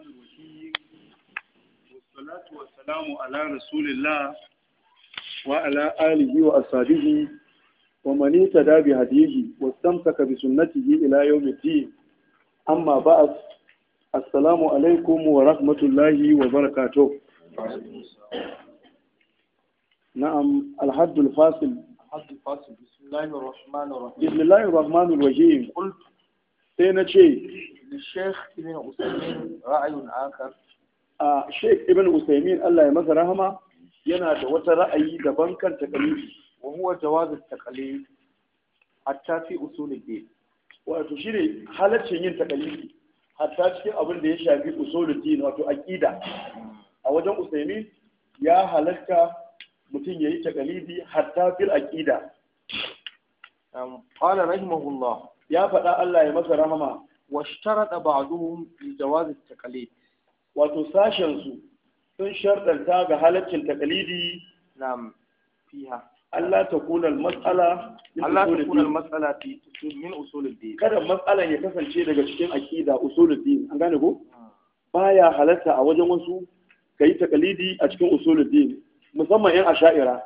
الرحمن الرحيم والصلاة والسلام على رسول الله وعلى آله وأصحابه ومن اهتدى بهديه واستمسك بسنته إلى يوم الدين أما بعد السلام عليكم ورحمة الله وبركاته نعم الحد الفاصل الحد الفاصل بسم الله الرحمن الرحيم بسم الله الرحمن الرحيم قلت سينا شيء للشيخ ابن عثيمين رأي آخر Sheikh Ibn عثيمين الله ya رحمه yana da wata ra'ayi daban kan takalidi wa huwa jawaz at-taqlid hatta fi usul ad-din wato shine halaccin yin takalidi hatta cikin abin da ya shafi usul din wato aqida a wajen ya halatta mutum yayi takalidi hatta fil aqida qala rahimahullah ya faɗa Allah ya masa rahama واشترط بعضهم لجواز التقليد وتساشن سو sun sharɗanta ga halaccin takalidi nam fiha Allah ta kuna matsala Allah ta kuna matsala fi min usuluddin kada matsalan ya kasance daga cikin aqida usuluddin an gane ko baya halatta a wajen wasu kai takalidi a cikin usuluddin musamman yan asha'ira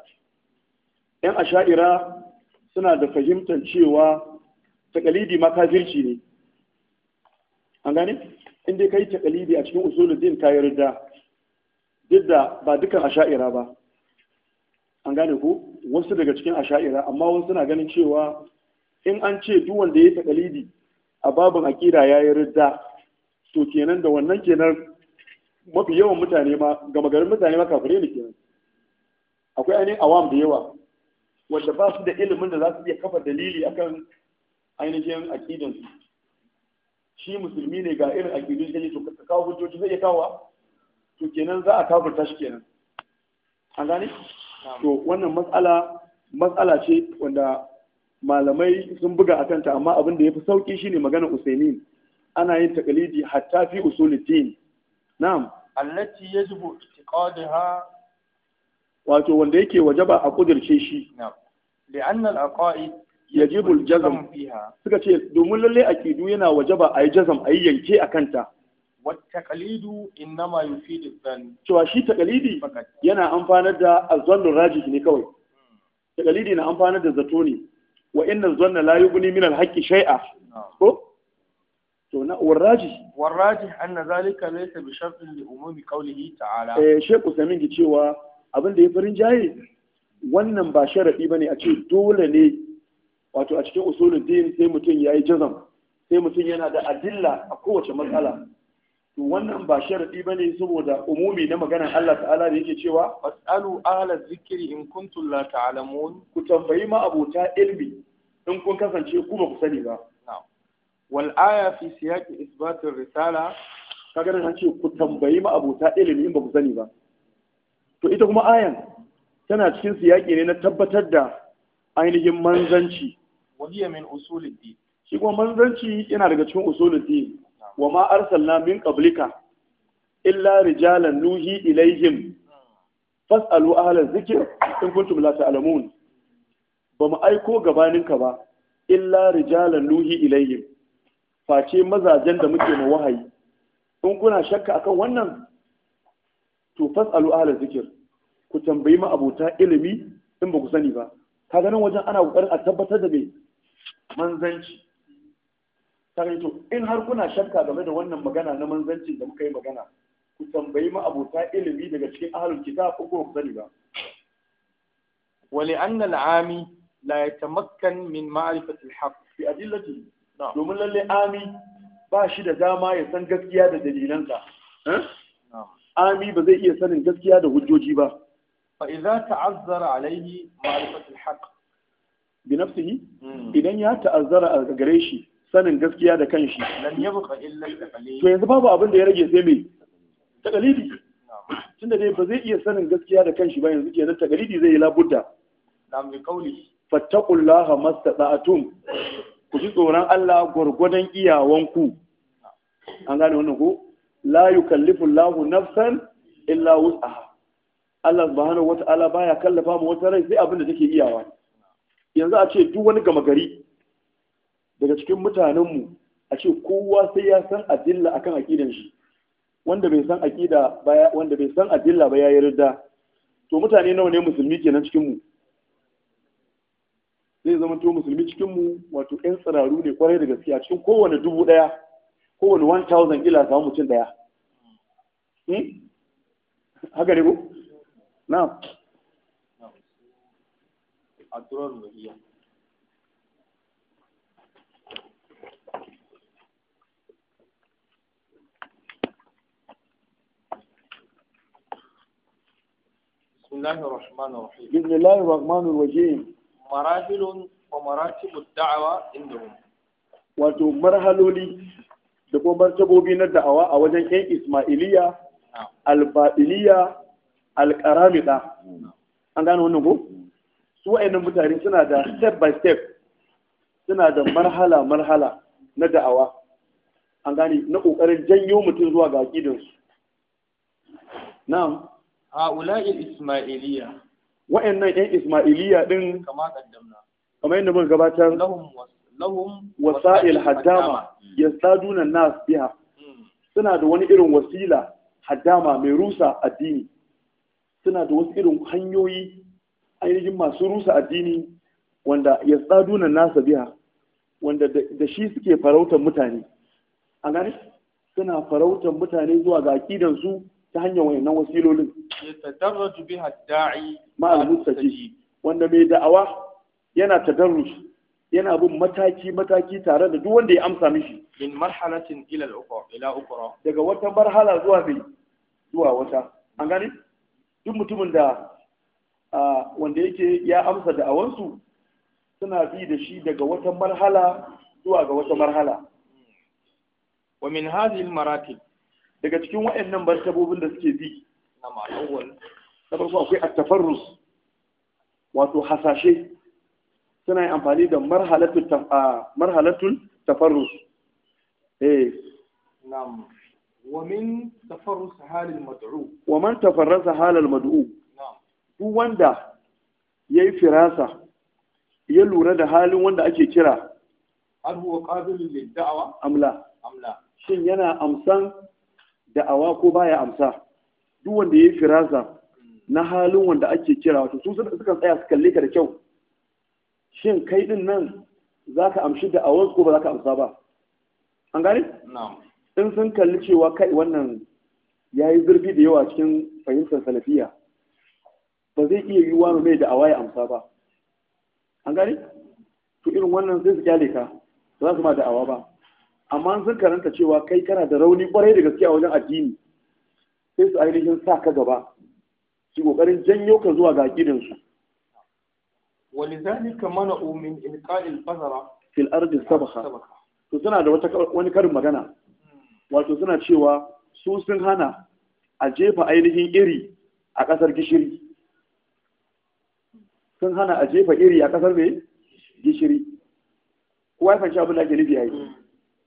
yan asha'ira suna da fahimtar cewa takalidi ma kafirci ne an gane in dai yi taqlidi a cikin usuluddin ka yarda duk da ba dukan asha'ira ba an gane ku wasu daga cikin asha'ira amma wasu suna ganin cewa in an ce duk da ya yi taqlidi a babin akira ya yi ridda to kenan da wannan kenan mafi yawan mutane ma gama garin mutane ma kafirai ne kenan akwai ainihin awam da yawa wanda ba su da ilimin da za su iya kafa dalili akan ainihin akidansu shi musulmi ne ga irin aƙidun shi to ka kawo hujjoji zai iya kawo to kenan za a kafirta shi kenan an gane to wannan matsala matsala ce wanda malamai sun buga a kanta, amma abin da ya fi sauki shine magana usaimin ana yin takalidi hatta fi usulitin na'am allati yajibu itiqadaha wato wanda yake wajaba a kudirce shi na'am li'anna al-aqaid yajibul jazam suka ce domin lalle aqidu yana wajaba ayi jazam ayi yanke a kanta wattaqalidu innama yufidu dhann cewa shi taqalidi yana amfanar da azzannu rajih ne kawai taqalidi na amfanar da zato ne wa inna zanna la yughni min al shay'a ko to na warraji warraji anna zalika laysa bi shartin li umumi qawlihi ta'ala eh sheku samin ki cewa abin da ya farin jaye wannan ba sharadi bane a ce dole ne wato a cikin usulun din sai mutum ya yi jazam sai mutum yana da adilla a kowace matsala to wannan ba sharadi ne saboda umumi na maganar Allah ta'ala da yake cewa fasalu ala zikri in kuntum la ta'lamun ku tambayi ma abota ilmi in kun kasance ku ba ku sani ba wal aya fi siyaqi isbatir risala kaga nan an ce ku tambayi ma abota ilmi in ba ku sani ba to ita kuma ayan tana cikin siyaki ne na tabbatar da ainihin manzanci wa hiya min usulid din shi kuma manzanci yana daga cikin usulid din wa ma arsalna min qablika illa rijalan nuhi ilaihim fas'alu ahla dhikr in kuntum la ta'lamun ba mu aiko gabaninka ba illa rijalan nuhi ilaihim face mazajen da muke ma wahayi in kuna shakka akan wannan to fas'alu ahla dhikr ku tambayi ma abota ilimi in ba ku sani ba kaga nan wajen ana kokarin a tabbatar da me manzanci sai to in har kuna shakka game da wannan magana na manzanci da muka yi magana ku tambayi ma abota ilimi daga cikin ahlul kitab ko ku sani ba wali anna al'ami la yatamakkan min ma'rifati al-haqq fi adillati domin lalle ami ba shi da dama ya san gaskiya da dalilanka ami ba zai iya sanin gaskiya da hujjoji ba fa idza ta'azzara alayhi ma'rifati al-haqq bi nafsihi hmm. idan ya ta'azzara a gare shi sanin gaskiya da kanshi lam yabqa illa to yanzu babu abin da ya rage sai me taqalidi hmm. tunda dai ba zai iya sanin gaskiya da kanshi ba yanzu kenan taqalidi zai yi labudda lam bi qawli fattaqullaha mastata'tum ku ji tsoron Allah gwargwadon iyawanku an gane wannan ko la yukallifu Allahu nafsan illa wus'aha Allah subhanahu wata'ala baya kallafa mu wata rai sai abin da take iyawa yanzu a ce duk wani gama gari daga cikin mutanenmu a ce kowa sai ya san adilla kan aƙidan shi wanda bai san adilla ba ya yi rida to mutane nawa ne musulmi kenan nan cikinmu? zai zama to musulmi cikinmu wato ɗan tsararru ne kwarai da gaskiya cikin kowane dubu ɗaya kowane 1000 ila samu mutum ɗaya hmm? haka ne na'am الدرر المهية بسم الله الرحمن الرحيم بسم الله الرحمن الرحيم مراحل ومراتب الدعوة عندهم wato marhaloli da kuma martabobi na da'awa a wajen 'yan Ismailiyya, Alba'iliya, Alƙaramida. An gane wannan ko? su wa'annan mutane suna da step by step suna da marhala marhala na da'awa an gane na kokarin janyo mutum zuwa ga aqidansu na'am ha'ula'il ismailiyya wa'annan yan ismailiya din kama kaddamna kamar yadda muka gabatar lahum wasa'il haddama hmm. yasaduna nas biha hmm. suna da wani irin wasila haddama mai rusa addini suna da wasu irin hanyoyi ainihin masu rusa addini wanda ya tsaduna nasa biya wanda da shi suke farautar mutane a gani suna farautar mutane zuwa ga akidansu ta hanyar wayannan wasilolin wanda mai da'awa yana tadarruj yana bin mataki mataki tare da duk wanda ya amsa mishi min marhalatin ila al ukra daga wata marhala zuwa mai zuwa wata an gani duk mutumin da wanda yake ya amsa da'awansu suna bi da shi daga wata marhala zuwa ga wata marhala wa min hadhihi maratib daga cikin waɗannan martabobin da suke bi na ma'awwal da farko akwai at-tafarrus wato hasashe suna yin amfani da marhalatul marhalatul tafarrus eh na'am wa min tafarrus halil mad'u wa man tafarrasa halal mad'u duk wanda ya yi firasa ya lura da halin wanda ake kira har huwa qabilun lid amla shin yana amsan da'awa ko baya amsa duk wanda ya yi firasa na halin wanda ake kira wato su suka tsaya su kalle ka da kyau shin kai din nan za ka amshi da'awa ko ba za ka amsa ba an gane in sun kalli cewa kai wannan ya yi zurfi da yawa cikin fahimtar salafiya ba zai iya yiwuwa mai da ya amsa ba an gani to irin wannan zai su kyale ka ba za su ma da'awa ba amma sun karanta cewa kai kana da rauni kwarai da gaske a wajen addini sai su ainihin sa ka gaba su kokarin janyo ka zuwa ga gidan su mana umin in ilqa'il fasara fil ardi sabaka to suna da wata wani karin magana wato suna cewa su sun hana a jefa ainihin iri a kasar gishiri sun hana a jefa iri a kasar mai gishiri kowa ya fahimci abin da ake nufi yi mm.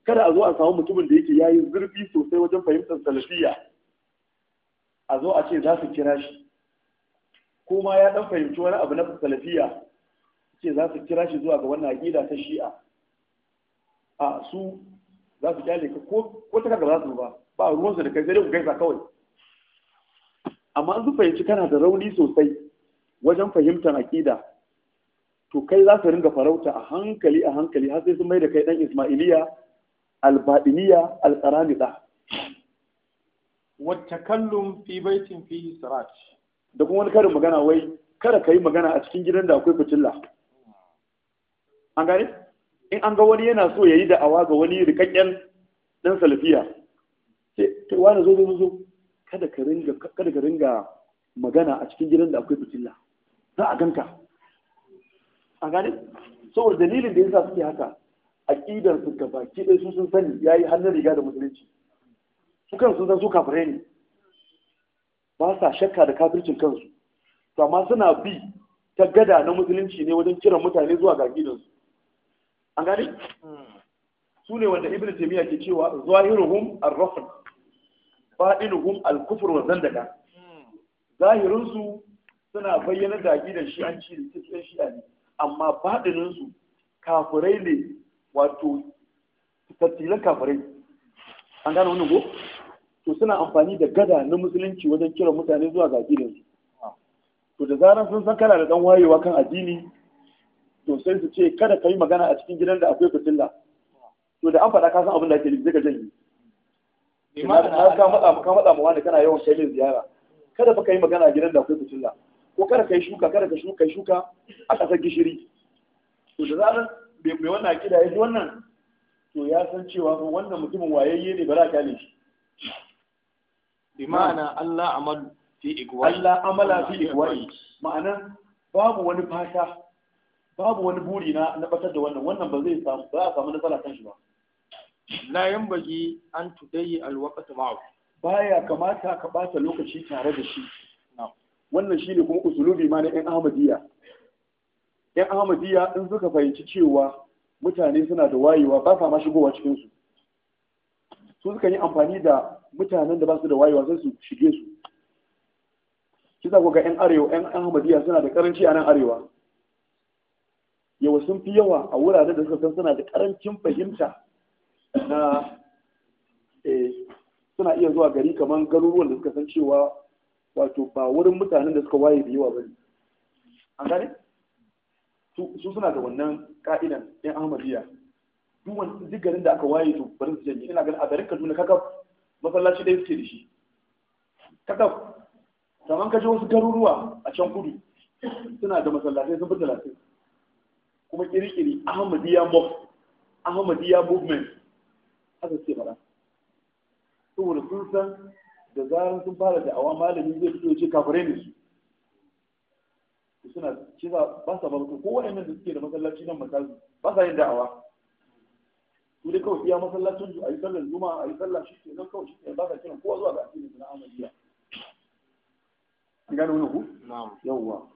kada a zo a samu mutumin da yake yayi zurfi sosai wajen fahimtar salafiya a zo a ce za su kira shi kuma ya dan fahimci wani abu na salafiya ce za su kira shi zuwa ga wannan aqida ta shi'a a su za su kyale ka ko ta kaga ba su ba ba ruwansu su da kai sai dai ku gaisa kawai amma an su fahimci kana da rauni sosai wajen fahimtar aƙida to kai za su ringa farauta a hankali a hankali har sai sun mai da kai dan Ismailiya albaɗiniya alƙaramiɗa. wata kallon fi baitin fi sirat da kuma wani karin magana wai kada ka yi magana a cikin gidan da akwai fitilla an gane in an ga wani yana so ya yi da'awa ga wani rikakken dan salafiya sai wani zo zo zo kada ka ringa magana a cikin gidan da akwai fitilla za a ganta a gane saboda dalilin da ya sa suke haka ƙidar su gaba ki su sun sani yi hannun riga da musulunci su kan sun san su kafirai ne ba sa shakka da kafircin kansu to amma suna bi ta gada na musulunci ne wajen kiran mutane zuwa ga gidansu an gane su ne wanda ibn taymiya ke cewa zahiruhum ar-rafd batinuhum al-kufr wa zandaka hmm. zahirun su suna bayyana da shi an ci da cikin a ne amma badinin kafirai ne wato tattilan kafirai an gane wani go? to suna amfani da gada na musulunci wajen kiran mutane zuwa ga aqidar su to da zaran sun san kana da dan wayewa kan addini to sai su ce kada ka yi magana a cikin gidan da akwai fitilla to da an faɗa ka san abin da ake nufi zaka janye ka matsa ka matsa mu wani kana yawan kai min ziyara kada ba ka yi magana a gidan da akwai fitilla ko kada kai shuka kada ka shuka kai shuka a ƙasar gishiri to da zarar mai wannan akida ya ji wannan to ya san cewa wannan mutumin wayayye ne ba za ka ne shi bi ma'ana Allah amal fi Igwa'i. Allah amala fi Igwa'i ma'ana babu wani fata babu wani buri na na batar da wannan wannan ba zai samu ba a samu nasara kan shi ba la yanbaghi an tudayi alwaqt ma'ahu baya kamata ka bata lokaci tare da shi na'am wannan shine kuma usulubi ma na 'yan ahmadiyya 'yan ahmadiyya in suka fahimci cewa mutane suna da wayewa ba sa shigowa cikinsu su suka yi amfani da mutanen da ba su da wayewa sai su shige su shi za ga 'yan arewa 'yan ahmadiyya suna da karanci a nan arewa yawa sun fi yawa a wuraren da suka san suna da karancin fahimta na eh, suna iya zuwa gari kamar garuruwan da suka san cewa wato ba wurin mutanen da suka waye da yawa ne. an gane su suna da wannan ka'idan yan ahmadiyya duk wani duk da aka waye to bari su janye ina ganin a garin Kaduna kaga masallaci ɗaya suke da shi kaga saman kaje wasu garuruwa a can kudu suna da masallatai sun fita talatin kuma kiri-kiri ahmadiyya mosque ahmadiyya movement haka suke faɗa saboda sun san da zarar sun fara da awa malami zai fito ce kafirai ne su suna ce ba sa ba ko wa'annan da suke da masallaci nan makazi ba sa yin da'awa su dai kawai iya masallacin su a yi sallar juma'a a yi sallar shi ke nan kawai shi ke ba sa kiran kowa zuwa ga addinin su na amaliya an gane wani ku yawwa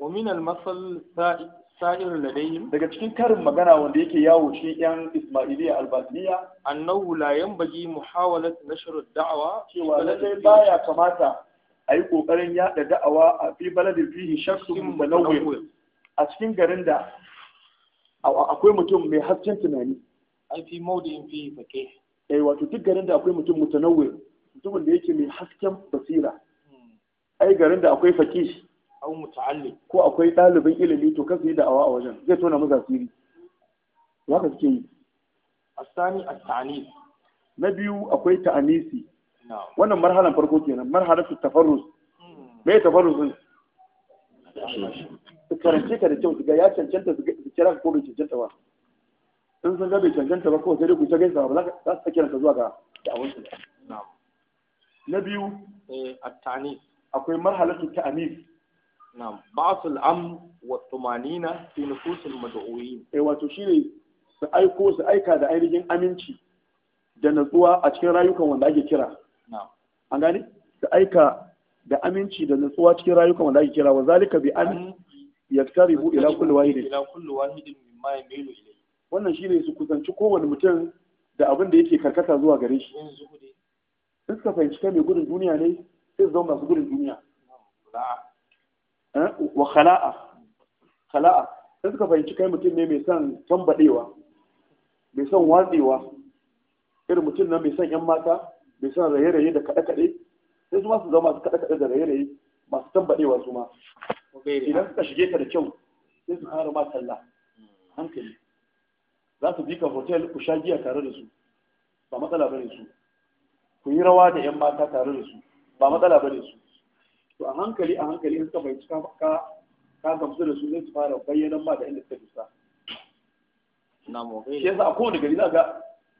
ومن المصل الثالث sa'ir ladayhim daga cikin karin magana wanda yake yawo shi yan isma'iliya Albaniya annahu la yanbaghi muhawalat nashr ad-da'wa cewa lallai baya kamata a yi kokarin yada da'awa a fi baladin fihi shakkun mutanawwi a cikin garin da akwai mutum mai hasken tunani ai fi mawdin fihi faqih eh wato duk garin da akwai mutum mutanawwi mutumin da yake mai hasken basira hmm. ai garin da akwai fakishi. au muta'allim ko akwai ɗaliban ilimi to kasu yi da'awa a wajen zai tona maza siri to haka suke yi asani a taanis na biyu akwai ta'anisi wannan marhalan farko kenan su tafarrus hmm. me tafarrus din su karance ka da kyau su ga ya cancanta su kira ko bai cancanta ba in sun ga bai cancanta ba kawai sai dai ku ta gaisa ba za su kira ta zuwa ga da'awansu na biyu eh, a taanis akwai su ta'anisi na ba'sul am wa tumanina fi nufusil mad'uin eh wato shine su aiko su aika da ainihin aminci da natsuwa a cikin rayukan wanda ake kira an gani su aika da aminci da natsuwa cikin rayukan wanda ake kira wa zalika bi an yaktaribu ila kulli wahidin ila kulli wahidin mimma yamilu ilayhi wannan shine su kusanci kowane mutum da abin da yake karkata zuwa gare shi in suka fahimci kai mai gudun duniya ne sai su zama masu gudun duniya Eh, wa khala'a khala'a sai suka fahimci kai mutum ne mai son tambadewa mai son watsewa irin mutum nan mai son yan mata mai son raye-raye da kaɗe-kaɗe sai su ma su zama masu kaɗe-kaɗe da raye-raye masu tambadewa su ma idan suka shige ka da kyau sai su fara ma talla hankali za su bi ka hotel ku sha giya tare da su ba matsala bane su ku yi rawa da yan mata tare da su ba matsala bane su to a hankali a hankali in suka fahimci ka ka gamsu da su zai su fara bayyanan ma da inda suka bisa. na mu shi yasa a kowane gari za ga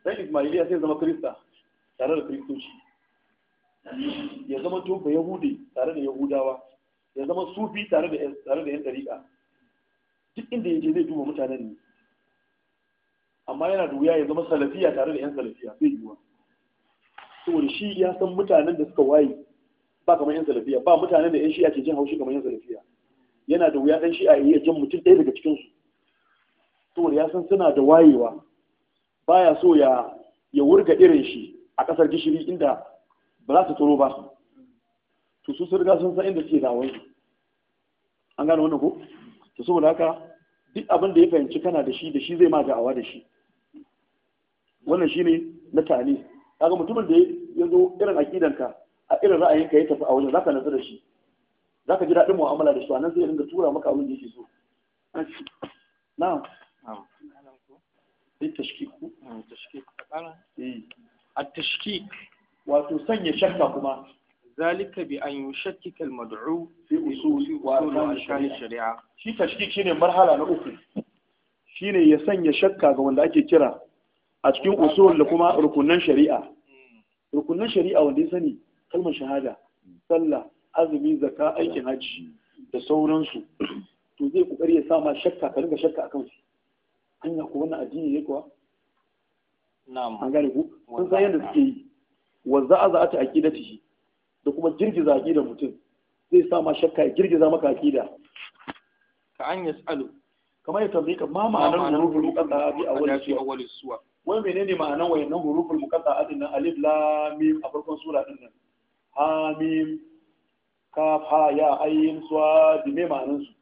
dan Ismailiya sai zama Kirista tare da Kiristoci ya zama tofa Yahudi tare da Yahudawa ya zama Sufi tare da tare da yan dariƙa duk inda yaje zai duba mutanen ne amma yana da wuya ya zama salafiya tare da yan salafiya zai yiwa saboda shi ya san mutanen da suka waye ba kamar yin salafiya ba mutane da yan shi'a ke jin haushi kamar yin salafiya yana da wuya dan shi'a ya jin mutum ɗaya daga cikinsu su saboda ya san suna da wayewa baya so ya ya wurga irin shi a ƙasar gishiri inda ba za su tsoro ba su to su riga sun san inda suke dawon su an gane wannan ko to saboda haka duk abin da ya fahimci kana da shi da shi zai ma da'awa da shi wannan shine na tani kaga mutumin da ya zo irin aqidanka a irin ra'ayinka ya tafi a wajen zaka nazu da shi zaka ji daɗin mu'amala da shi nan zai ringa tura maka abin da yake so na'am eh. a tashkik wato sanya shakka kuma shari'a shi marhala na uku shine ya sanya shakka ga wanda ake kira a cikin usul da kuma rukunan shari'a hmm. shari'a wanda ya sani kalmar shahada sallah azumi zakka aikin hajji da sauransu to zai kokari ya sama shakka ka ringa shakka akan su hanya ko wannan addini ne kuwa na'am an gane ku kun san yadda suke yi wa za'a ta shi, da kuma girgiza aqidar mutum zai sama shakka ya girgiza maka aqida ka an yasalu kamar ya tambaye ka ma ma'anar huruful muqatta'a bi awwal suwa wai menene ma'anar wayannan huruful muqatta'a din nan alif lam mim a farkon sura din nan hamim kaf ha ya ayyin suwa da mai ma'anin su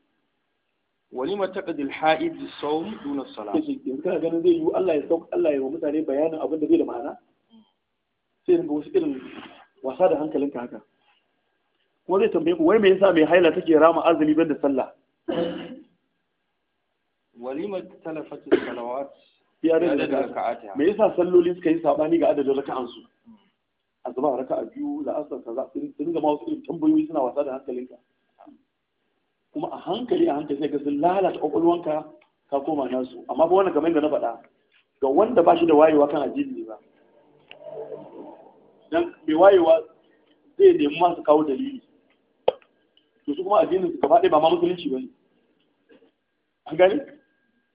walima taqdil ha'id duna salat yanzu kana ganin zai yi Allah ya sauka Allah ya mutane bayanin abin da zai da ma'ana sai ga wasu irin wasa da hankalinka haka kuma zai tambaye ku wai me yasa mai haila take rama azumi ban da sallah walima talafatu salawat ya da me yasa sallolin suka yi sabani ga adadin raka'ansu su asuba raka a biyu la'asar kaza su dinga ma wasu irin tambayoyi suna wasa da hankalinka kuma a hankali a hankali sai ka sun lalata kwakwalwanka ka koma nasu amma ba wani game da na faɗa ga wanda ba shi da wayewa kan addini ne ba dan mai wayewa zai nemi masu kawo dalili to su kuma addinin su gaba ɗaya ba ma musulunci ba ne an gani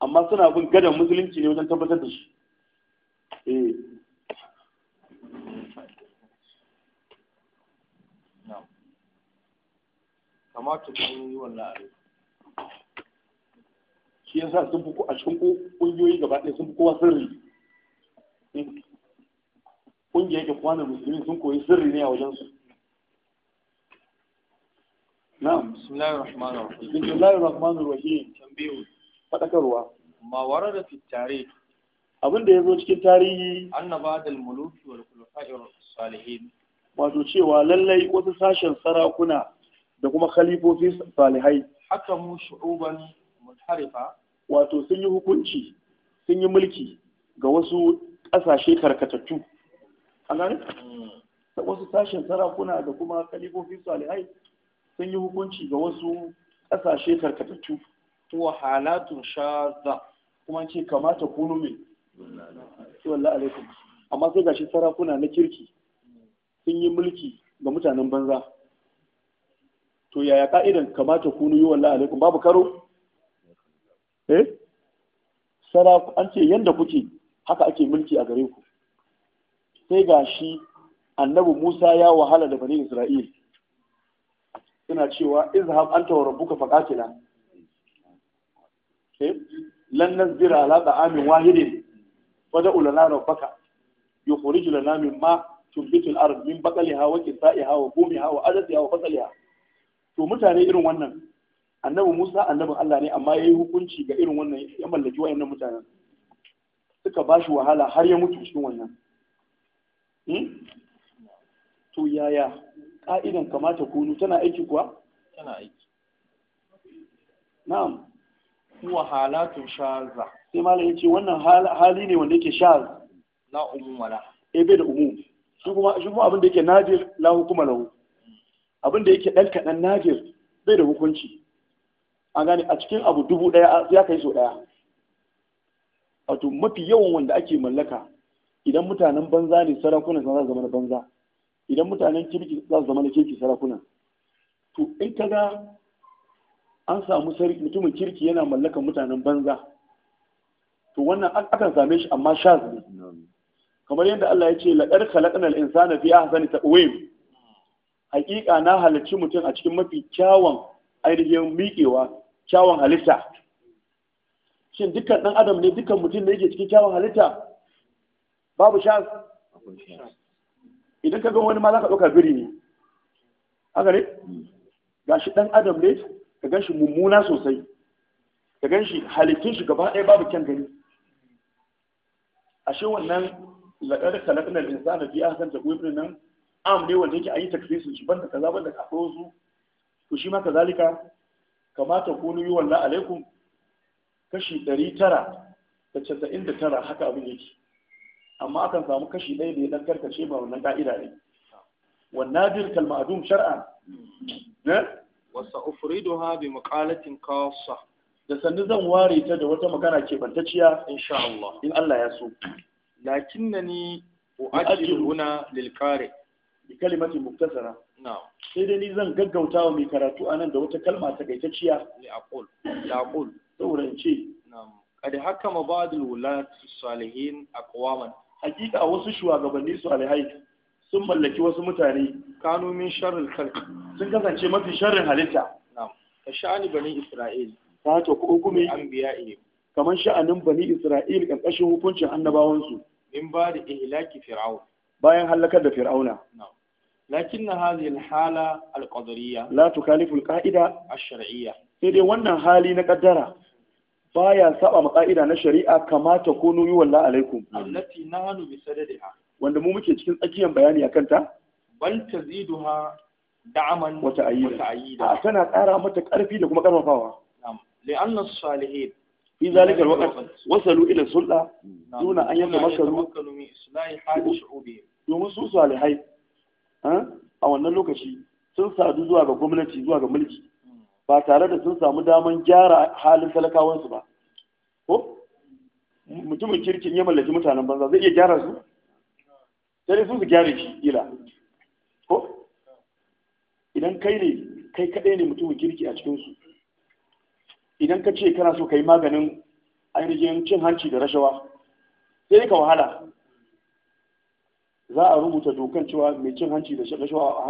amma suna bin gadon musulunci ne wajen tabbatar da shi eh kamata ta yi wannan abin shi yasa sun fi a cikin kungiyoyi gaba ɗaya sun fi kowa sirri ƙungiyar da kwanan musulmi sun koyi sirri ne a wajensu na'am bismillahir rahmanir rahim bismillahir rahmanir rahim tambayu fadakarwa ma warada fi tarikh abin da yazo cikin tarihi annabadal muluki wal khulafa'ir salihin wato cewa lallai wasu sashen sarakuna da kuma khalifofi salihai haka mu shu'uban mutarifa wato sun yi hukunci sun yi mulki ga wasu ƙasashe karkatattu a gane mm. wasu sashen sarakuna da kuma khalifofi salihai sun yi hukunci ga wasu ƙasashe karkatattu wa halatun shaza kuma ce kamata kunu mai wallahi alaikum amma sai gashi sarakuna na kirki mm. sun yi mulki ga mutanen banza to yaya ka'idan kamata kunu yi wallahi alaikum babu karo eh saraku an ce yanda kuke haka ake mulki a gare ku sai ga shi annabi Musa ya wahala da bani Isra'il suna cewa izhab anta wa rabbuka faqatila eh lan nazira ala ta'amin wahidin wada ulana rabbaka yukhrij lana mimma tunbitu al-ard min baqliha wa qithaiha wa hawa wa adasiha wa fasaliha to mutane irin wannan annabi Musa annabin Allah ne amma yayi hukunci ga irin wannan ya mallaki wayannan mutanen suka shi wahala har ya mutu cikin wannan hmm? to yaya ka'idan kamata kunu tana aiki kuwa tana aiki na'am wahala halatun shaza sai malam yace wannan hali ne wanda yake shaz la umum wala ebe eh, da umum shi kuma shi kuma abin da yake nadir la hukuma lahu abin da yake ɗan kaɗan nagir bai da hukunci A gane a cikin abu dubu ɗaya ya kai so ɗaya wato mafi yawan wanda ake mallaka idan mutanen banza ne sarakunan za su zama na banza idan mutanen kirki za su zama na kirki sarakunan to in ka ga an samu mutumin kirki yana mallakan mutanen banza to wannan akan same shi amma sha ne kamar yadda Allah ya ce laqad khalaqnal insana fi ahsani taqwim hakika na halarci mutum a cikin mafi kyawun ainihin miƙewa kyawun halitta shin dukkan ɗan adam ne dukkan mutum da yake cikin kyawun halitta babu sha. idan ka ga wani ma za ka ɗauka biri ne haka ne hmm. ga shi ɗan adam ne ka gan shi mummuna sosai ka gan shi halittun shi gaba ɗaya babu kyan gani ashe wannan da kalaknar insana fi ahsan taqwim nan am ne wanda yake an yi takfisin shi banda kaza banda akwai wasu to shi ma kazalika kamata ku yi wannan alaikum kashi ɗari tara da casa'in da tara haka abin yake amma akan samu kashi ɗaya da ya ɗan karkace ba wannan ƙa'ida ne والنادر كالمعدوم شرعا وسأفردها بمقالة خاصة da sannu zan ware ta da wata magana ke bantacciya insha in Allah ya so lakinnani u'ajjilu huna lil qari bi kalimatin muktasara sai dai ni zan gaggauta wa mai karatu anan da wata kalma ta aqul ya aqul saboda in ce qad hakama ba'd al salihin aqwaman hakika wasu shugabanni salihai sun mallaki wasu mutane kanu min sharril khalq sun kasance mafi sharrin halitta na'am ka sha'ani bani isra'il ta ta kuma anbiya'i kamar sha'anin bani isra'il kashin hukuncin annabawansu min ba da ihlaki fir'aun bayan halakar da fir'auna lakin na hadhihi hala al-qadariyya la tukalifu al-qa'ida ash-shar'iyya sai dai wannan hali na kaddara baya saba ma ka'ida na shari'a kamata ko yi walla alaikum allati nahnu bi sadadiha wanda mu muke cikin tsakiyar bayani akan ta bal taziduha da'aman wa ta'ayyida tana ƙara mata ƙarfi da kuma ƙarfafawa li'anna as-salihin في ذلك الوقت وصلوا إلى السلطة دون أن يتمكنوا من إصلاح حال شعوبهم domin su salihai eh, a wannan lokaci sun sadu zuwa ga gwamnati zuwa ga mulki ba tare da sun samu daman gyara halin talakawansu ba ko mutumin kirkin ya mallaki mutanen banza zai iya gyara su sai sun su gyara shi ila ko idan kai ne kai kaɗai ne mutumin kirki a cikinsu idan ka ce kana so ka yi maganin ainihin cin hanci da rashawa sai ka wahala za a rubuta dokan cewa mai cin hanci da shaƙa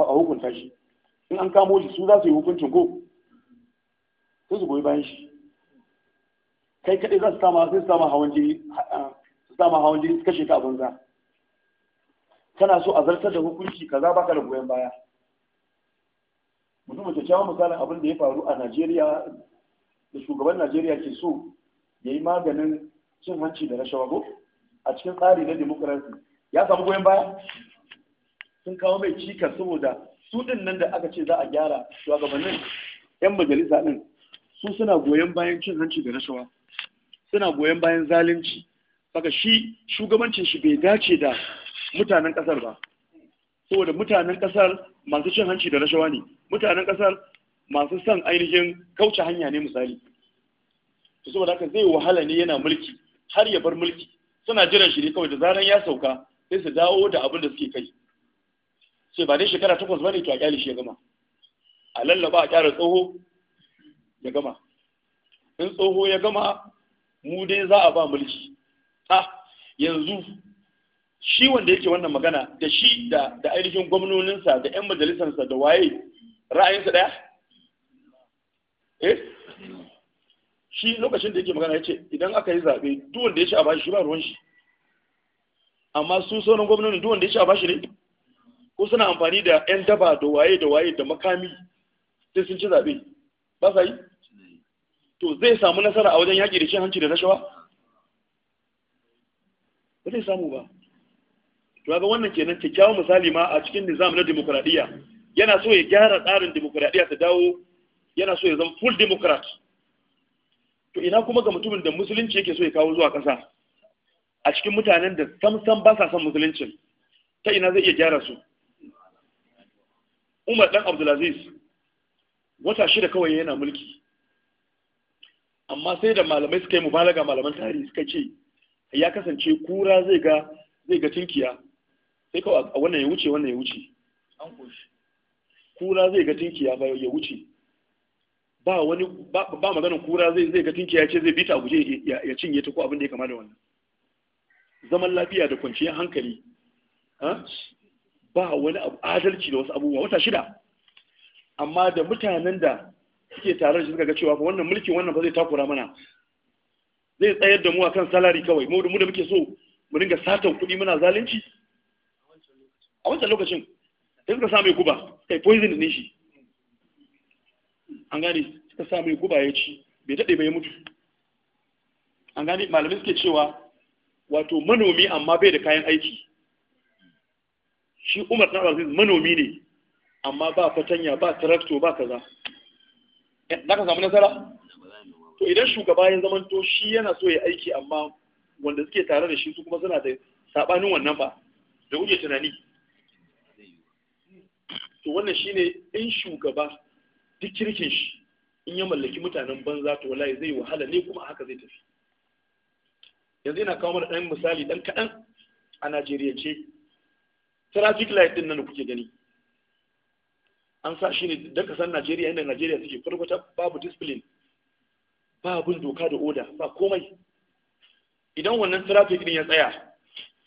a hukunta shi in an kamo shi su za su yi hukuncin ko sai su goyi bayan shi kai kaɗai za su sama sai su sama hawan jini su sama hawan jini su kashe ka abin za. kana so a zartar da hukunci kaza baka da goyon baya mutum da cewa misalin abin da ya faru a Najeriya da shugaban Najeriya ke so ya yi maganin cin hanci da rashawa ko a cikin tsari na demokarasi ya samu goyon baya sun kawo mai cikas saboda su din nan da aka ce za a gyara shugabannin yan majalisa din su suna goyon bayan cin hanci da rashawa suna goyon bayan zalunci saka shi shugabancin shi bai dace da mutanen kasar ba saboda mutanen kasar masu cin hanci da rashawa ne mutanen kasar masu son ainihin kauce hanya ne misali saboda haka zai wahala ne yana mulki har ya bar mulki suna jiran shi ne kawai da zaran ya sauka sai su dawo da abin da suke kai sai ba dai shekara takwas ba ne to a kyale shi ya gama a lallaba a kyara tsoho ya gama in tsoho ya gama mu dai za a ba mulki a ah, yanzu shi wanda yake wannan magana da shi da da ainihin gwamnoninsa da 'yan majalisarsa da waye ra'ayinsa daya eh shi lokacin da yake magana ya ce idan aka yi zaɓe duwanda ya ci a bashi shi ba ruwan shi amma su sauran gwamnoni duk wanda ya ci a bashi ne ko suna amfani da yan daba da waye da waye da makami sai sun ci zaɓe ba sa yi to zai samu nasara a wajen yaƙi da cin hanci da rashawa ba zai samu ba to ga wannan kenan kyakkyawan misali ma a cikin nizam na demokuraɗiyya yana so ya gyara tsarin demokuraɗiyya ta dawo yana so ya zama full democrat to ina kuma ga mutumin da musulunci yake so ya kawo zuwa ƙasa a cikin mutanen da samsan ba sa son musuluncin ta ina zai iya gyara su umar dan abdulaziz wata shida kawai yana mulki amma sai da malamai suka yi mubalaga malaman tarihi suka ce ya kasance kura zai ga zai ga tinkiya sai kawai a wannan ya wuce wannan ya wuce kura zai ga tinkiya ba ya wuce ba wani ba maganin kura zai zai ga tinkiya ce zai bita guje ya cinye ta ko abin da ya kama da wannan zaman lafiya da kwanciyar hankali ba wani adalci da wasu abubuwa wata shida amma da mutanen da suke tare da shi suka ga cewa fa wannan mulkin wannan ba zai takura mana zai tsayar da mu a kan salari kawai mu da mu da muke so mu dinga satan kuɗi muna zalunci a wancan lokacin sai suka samu guba kai poison ne shi an gane suka samu guba ya ci bai daɗe bai mutu an gane malamai suke cewa wato manomi amma bai da kayan aiki shi umar na abdulaziz manomi ne amma ba fatanya ba tarakto ba kaza eh, za ka samu nasara to idan shugaba ya zamanto shi yana so ya aiki amma wanda suke tare da shi su kuma suna da sabanin wannan ba da kuke tunani to wannan shi ne in shugaba duk kirkin shi in ya mallaki mutanen banza to wallahi zai wahala ne kuma haka zai tafi yanzu ina kawo mana ɗan misali ɗan kaɗan a Najeriya ce. traffic light ɗin nan da kuke gani an sa shi ne don ka san najeriya inda najeriya suke kwata-kwata babu discipline babu doka da oda ba komai idan wannan traffic ɗin ya tsaya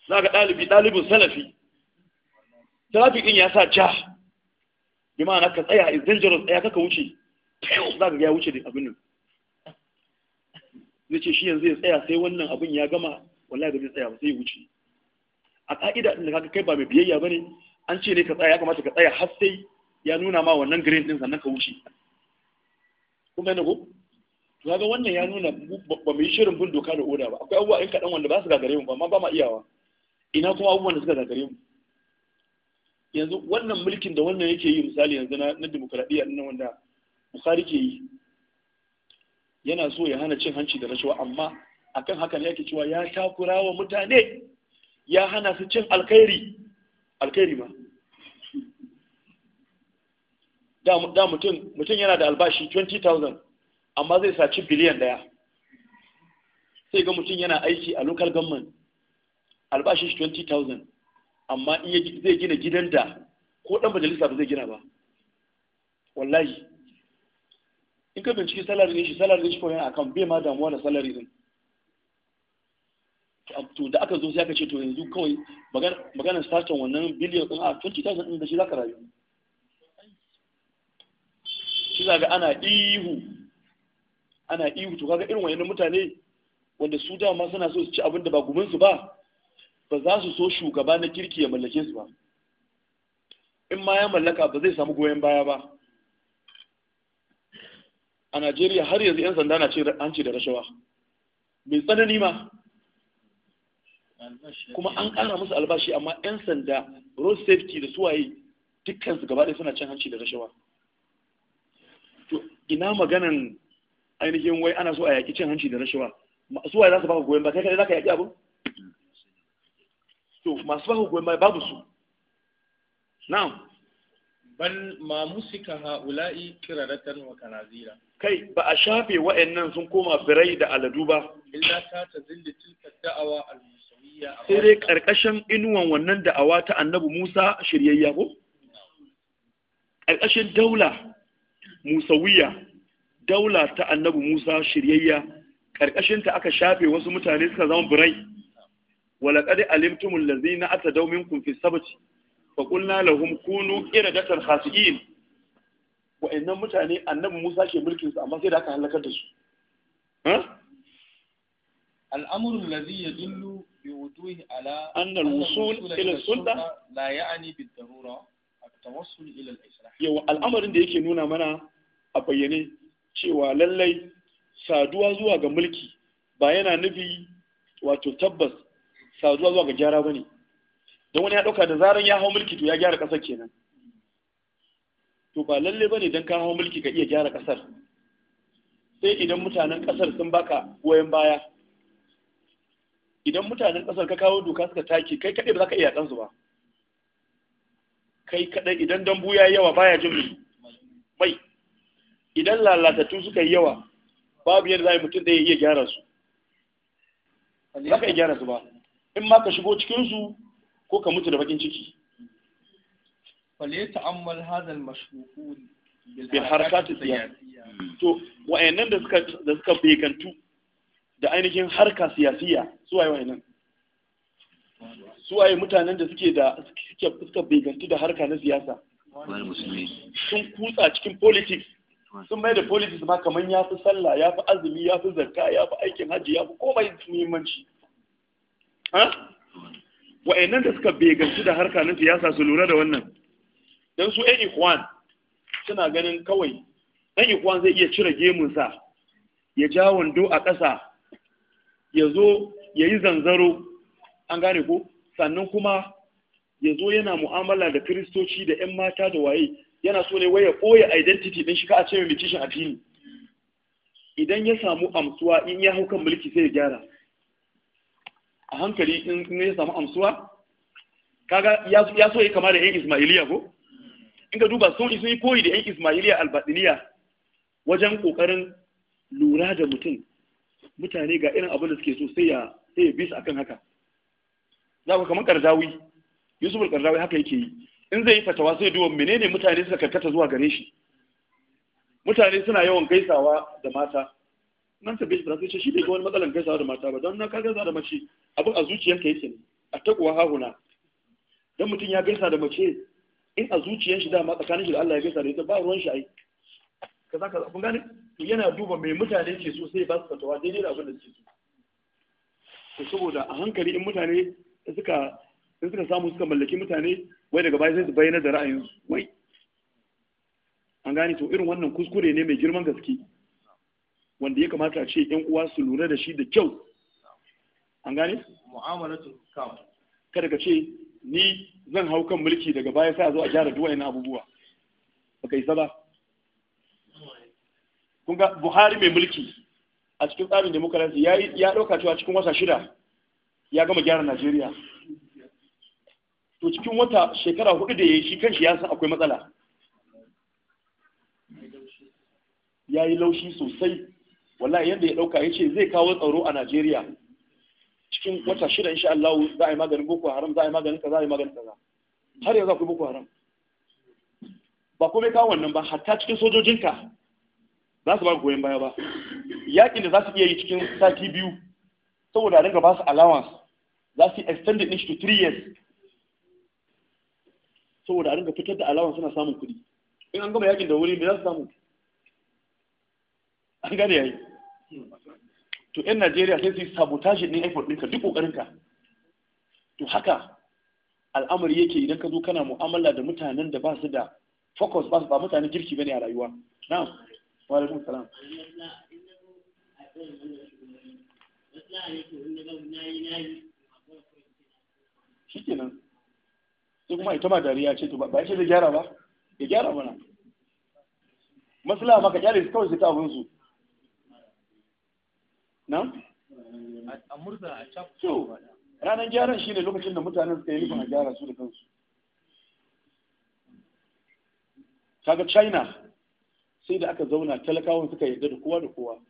za ga ɗalibi ɗalibin salafi traffic ɗin ya sa ja bi ma'ana ka tsaya is dangerous Ɗaya kaka wuce za ka ya wuce da abin nan zai ce shi yanzu ya tsaya sai wannan abin ya gama wallahi ba zai tsaya ba sai ya wuce a ka'ida din da kaga kai ba mai biyayya bane an ce ne ka tsaya ya kamata ka tsaya har sai ya nuna ma wannan green din sannan ka wuce kuma ne ko to kaga wannan ya nuna ba mu yi shirin bin doka da oda ba akwai abubuwa in kaɗan wanda ba su gagare mu ba amma ba ma iyawa ina kuma abubuwan da suka gagare mu yanzu wannan mulkin da wannan yake yi misali yanzu na na din nan wanda Bukhari ke yi yana so ya hana cin hanci da rashuwa amma akan hakan yake cewa ya takura wa mutane ya hana su cin alkhairi alkhairi ma da mutum mutum yana da albashi 20,000 amma zai saci biliyan daya sai ga mutum yana aiki a local government albashi 20,000 amma in zai gina gidan da ko dan majalisa ba zai gina ba wallahi in ka binciki salari ne shi salari ne shi ko yana akan bai ma damuwa da salari din to da aka zo sai aka ce to yanzu kawai maganar starton wannan biliyan din a 20,000 din da shi ka rayu shi ga ana ihu ana ihu to kaga irin wayannan mutane wanda su dama suna so su ci abin da ba gumin su ba ba za su so shugaba na kirki ya mallake su ba in ma ya mallaka ba zai samu goyon baya ba a Najeriya har yanzu 'yan sanda na ce hanci da rashawa mai tsanani ma kuma an ƙara musu albashi amma 'yan sanda road safety da suwaye dukkansu gaba ɗaya suna cin hanci da rashawa to ina maganan ainihin wai ana so a yaƙi cin hanci da rashawa suwaye za su baka goyon ba kai kaɗai za ka yaƙi abin to masu baka goyon ba babu su na'am bal ma musika haula'i kiraratan wa kanazira kai ba a shafe wa'annan sun koma birai da aladu ba illa ta tazilli tilka da'awa al-musawiyya sai dai karkashin inuwan wannan da'awa ta annabi Musa shiryayya ko karkashin daula musawiyya daula ta annabi Musa shiryayya karkashin ta aka shafe wasu mutane suka zama birai walaqad alimtumul ladzina atadaw minkum fi sabati fa qulna lahum kunu qiradatan khasiin wa'annan mutane annabi Musa ke mulkin su amma sai da aka halakar da su al'amuru allazi yadullu bi wuduhi ala anna al-wusul ila sulta la ya'ni bi darura at-tawassul ila al-islah yawa al'amarin da yake nuna mana a bayyane cewa lallai saduwa zuwa ga mulki ba yana nufi wato tabbas saduwa zuwa ga gyara ba ne. don wani ya ɗauka da zaran ya hau mulki to ya gyara ƙasar kenan to ba lalle bane don ka hau mulki ka iya gyara ƙasar sai idan mutanen ƙasar sun baka goyon baya idan mutanen ƙasar ka kawo doka suka take kai kaɗai ba za ka iya kansu ba kai kaɗai idan dambu ya yawa baya jin mai idan lalatattu suka yi yawa babu yadda za mutum ɗaya iya gyara su za ka iya gyara su ba in ma ka shigo cikinsu ko ka mutu da bakin ciki فليتأمل هذا المشهور بالحركات السياسية to wayannan da suka da suka bekantu da ainihin harka siyasiya su waye wayannan su waye mutanen da suke da suke suka bekantu da harka na siyasa sun kutsa cikin politics sun mai da politics ma kaman ya fi sallah ya fi azumi ya fi zakka ya fi aikin hajji ya fi komai muhimmanci ha wa'annan da suka beganci da harka na siyasa su lura da wannan don su ɗan ikwan suna ganin kawai ɗan ikwan zai iya cire gemunsa ya ja wando a ƙasa ya zo yi zanzaro an gane ko sannan kuma ya zo yana mu'amala da kiristoci da 'yan mata da waye yana so ne waya ɓoye identity ɗin shi ka a ce mai kishin a fili idan ya samu amsuwa in ya hau mulki sai ya gyara a hankali in ya samu amsuwa kaga ya so ya kama da yan ismailiya ko in ka duba sun sun yi koyi da yan ismailiya albadiniya wajen kokarin lura da mutum mutane ga irin abin da suke so sai ya sai ya bi akan haka za ku kamar kardawi yusuf al haka yake yi in zai yi fatawa sai duwa menene mutane suka karkata zuwa gare shi mutane suna yawan gaisawa da mata nan ta bishira sai shi bai ga wani matsalan gaisa da mata ba don na ka gaisa da mace abu a zuciyarka yake ne a takuwa hahuna dan mutum ya gaisa da mace in a zuciyar shi dama tsakanin shi da Allah ya gaisa da ita ba ruwan shi ai kaza kaza kun gane yana duba mai mutane ke so sai ba su fatawa daidai da abin da suke so to saboda a hankali in mutane suka in suka samu suka mallaki mutane wai daga baya sai su bayyana da ra'ayinsu wai an gane to irin wannan kuskure ne mai girman gaske wanda ya kamata a ce yan uwa su lura da shi da kyau an gane Mu’amalatu kada ka ce ni zan hau kan mulki daga baya sai a zo a gyara duwa yana abubuwa baka isa ba kun ga Buhari mai mulki a cikin tsarin demokarasi ya ɗauka cewa cikin wata shida ya gama gyara Najeriya to cikin wata shekara hudu da ya yi shi kanshi ya san akwai matsala ya yi laushi sosai wallahi yadda ya ɗauka ya ce zai kawo tsaro a Najeriya cikin wata shida insha Allah za a yi maganin Boko Haram za a yi maganin kaza za a yi maganin kaza har yanzu akwai Boko Haram ba komai kawo wannan ba hatta cikin sojojinka za su ba goyon baya ba yakin da za su iya yi cikin sati biyu saboda dinga ba su allowance za su extend it to three years saboda dinga fitar da allowance suna samun kuɗi in an gama yakin da wuri me za su samu an gane yayi to yan Najeriya sai su yi sabotage ne effort ɗinka duk ƙoƙarinka to haka al'amari yake idan ka zo kana mu'amala da mutanen da ba su da focus ba su ba mutanen kirki bane a rayuwa na'am wa alaikum salam nan sai kuma ita ma dariya ce to ba ya ce zai gyara ba ya gyara mana maslaha maka gyara su kawai su ta abin su na? a murza a cap so ranar gyaran shi ne lokacin da mutanen suka yi nufin a gyara su da kansu kaga china sai da aka zauna talakawan suka yarda da kowa da kowa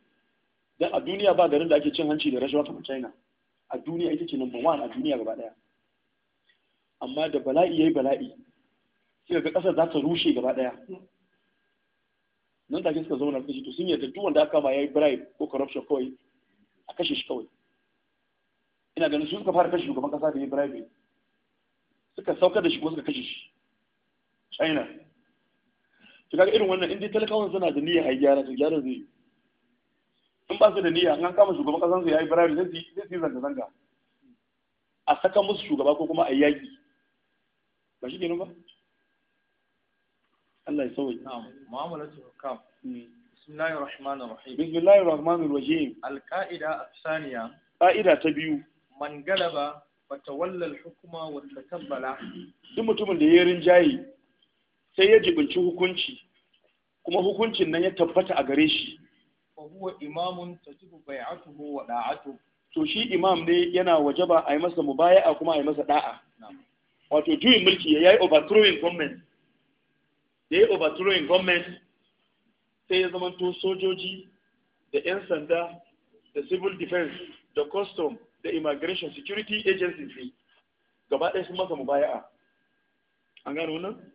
don a duniya ba garin da ake cin hanci da rashawa kamar china a duniya ita ce number one a duniya gaba daya amma da bala'i yayi bala'i sai ga kasar za ta rushe gaba daya nan da suka zauna suka ce to sun yarda duk wanda aka kama yayi bribe ko corruption kawai a kashe shi kawai ina ganin su suka fara kashe shugaban kasa da ya birabe suka saukar da shi kuma suka kashe shi china to kaga irin wannan indai talakawan suna da niyyar ai gyara to gyara zai in ba su da niyya an kama shugaban kasan su yi birabe sai su yi zanga zanga a saka musu shugaba ko kuma a yaki ba shi kenan ba Allah ya sauya na'am su kam. Hmm. بسم الله al الرحيم بسم الله الرحمن الرحيم القاعدة الثانية قاعدة تبيو من غلب فتولى الحكم وتتبل duk mutumin da ya rinjaye sai ya jibinci hukunci kuma hukuncin nan ya tabbata a gare shi fa huwa imamun tajibu bai'atuhu wa da'atuhu to shi imam ne yana wajaba a yi masa mubaya'a kuma a yi masa da'a wato juyin mulki ya yi overthrowing government ya yi overthrowing government sai ya zamanto sojoji da 'yan sanda da civil defense da custom da immigration security agencies fi gaba ɗaya sun masa mubaya'a an gano nan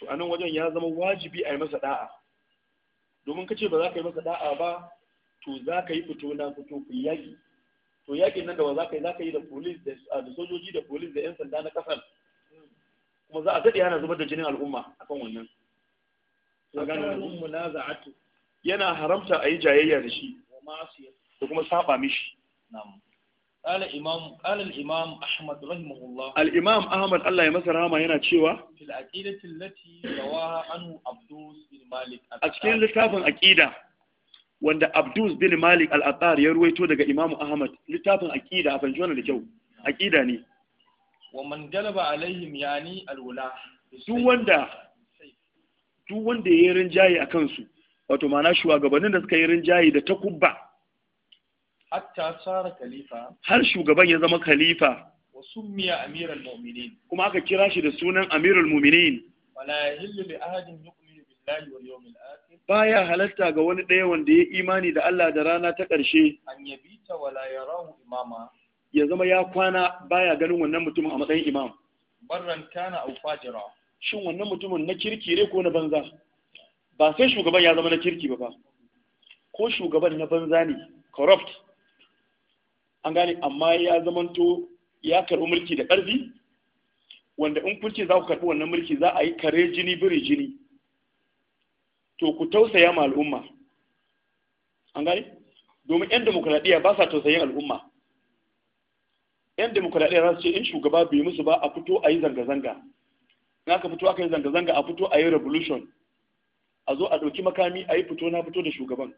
to anan wajen ya zama wajibi a yi masa da'a domin kace ba za ka yi masa da'a ba to za ka yi fito na fito ku yaƙi to yaƙin nan da ba za ka yi za ka yi da police da sojoji da police da 'yan sanda na kasar kuma za a daɗe yana zubar da jinin al'umma akan wannan yana haramta a yi jayayya da shi da kuma saba mishi قال الإمام قال الإمام أحمد رحمه الله الإمام أحمد الله يمسر هما هنا تشيوا في العقيدة التي رواها عنه عبدوس بن مالك أتكين لتابن عقيدة وند عبدوس بن مالك الأطار يروي تو دقى إمام أحمد لتابن عقيدة أفنجونا لجو عقيدة ني ومن قلب عليهم يعني الولاة duk wanda duk wanda ya yi rinjaye a kansu wato mana shugabannin da suka yi rinjaye da takubba hatta sara har shugaban ya zama khalifa kuma aka kira shi da sunan amirul mu'minin wala ya halatta ga wani ɗaya wanda ya imani da Allah da rana ta ƙarshe an imama ya zama ya kwana baya ganin wannan mutum a matsayin imam barran kana aw fajira shin wannan mutumin na kirki ne ko na banza ba sai shugaban ya zama na kirki ba ba ko shugaban na banza ne corrupt an gane amma ya to ya karɓi mulki da ƙarfi wanda in kun ce za ku karɓi wannan mulki za a yi kare jini biri jini to ku tausaya ma al'umma an gane domin 'yan demokuraɗiyya ba sa tausayin al'umma 'yan demokuraɗiyya za su ce in shugaba bai musu ba a fito a yi zanga-zanga in aka fito aka yi zanga-zanga a fito a yi revolution a zo a ɗauki makami a yi fito na fito da shugaban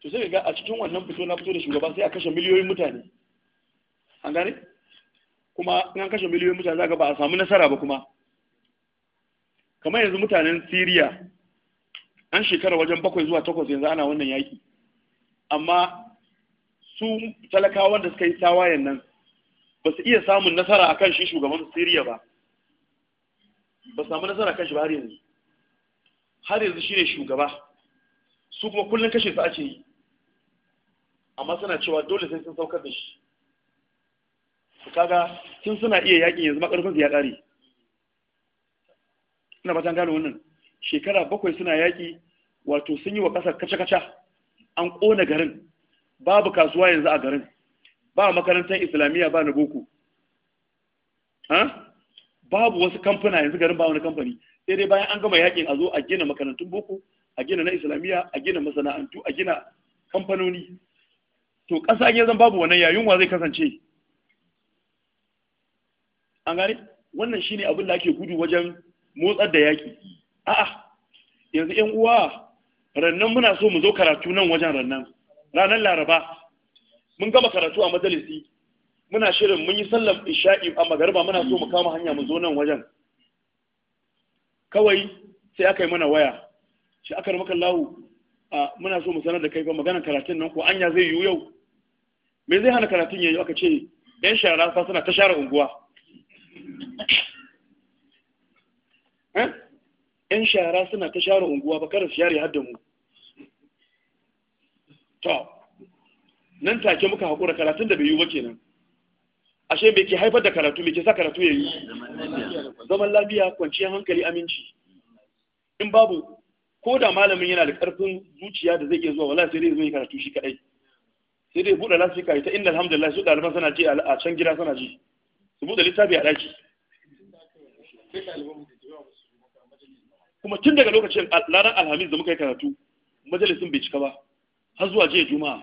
to sai ga a cikin wannan fito na fito da shugaba sai a kashe miliyoyin mutane an gane kuma in an kashe miliyoyin mutane za ga ba a samu nasara ba kuma kamar yanzu mutanen Siriya an shekara wajen bakwai zuwa takwas yanzu ana wannan yaƙi amma su talakawa wanda suka yi tawayen nan ba su iya samun nasara akan shi shugaban Siriya ba ba samu nasara kan shi ba har yanzu har yanzu shi ne shugaba su kuma kullum kashe su ake yi amma suna cewa dole sai sun saukar da shi su kaga tun suna iya yaƙi yanzu makarfinsu ya ƙare ina ba tan gano wannan shekara bakwai suna yaƙi wato sun yi wa ƙasar kaca-kaca an ƙona garin babu kasuwa yanzu a garin ba makarantar islamiyya ba na boko babu wasu kamfuna yanzu garin ba wani kamfani sai dai bayan an gama yakin a zo a gina makarantun boko a gina na islamiyya a gina masana'antu a gina kamfanoni to ƙasa ya zan babu wannan yayin wa zai kasance an gane wannan shine abin da ake gudu wajen motsar da yaki a'a yanzu yan uwa rannan muna so mu zo karatu nan wajen rannan ranar laraba mun gama karatu a majalisi muna shirin mun yi sallar isha'i a magarba muna so mu kama hanya mu zo nan wajen kawai sai aka yi mana waya shi aka maka lahu a muna so mu sanar da kai fa maganar karatun nan ko anya zai yiwu yau me zai hana karatun yayi aka ce yan shara fa suna ta share unguwa eh? yan shara suna ta share unguwa ba kada su share hadda mu to nan take muka hakura karatun da bai yiwu ba kenan ashe me ke haifar da karatu me ke sa karatu ya yi zaman lafiya kwanciyar hankali aminci in babu ko da malamin yana da karfin zuciya da zai iya zuwa wallahi sai dai zai karatu shi kadai sai dai buɗe lasfika ita inna alhamdulillah su ɗaliban sana ce a can gida sana ji su buɗe littafi a ɗaki kuma tun daga lokacin ranar alhamis da muka yi karatu majalisin bai cika ba har zuwa jiya juma'a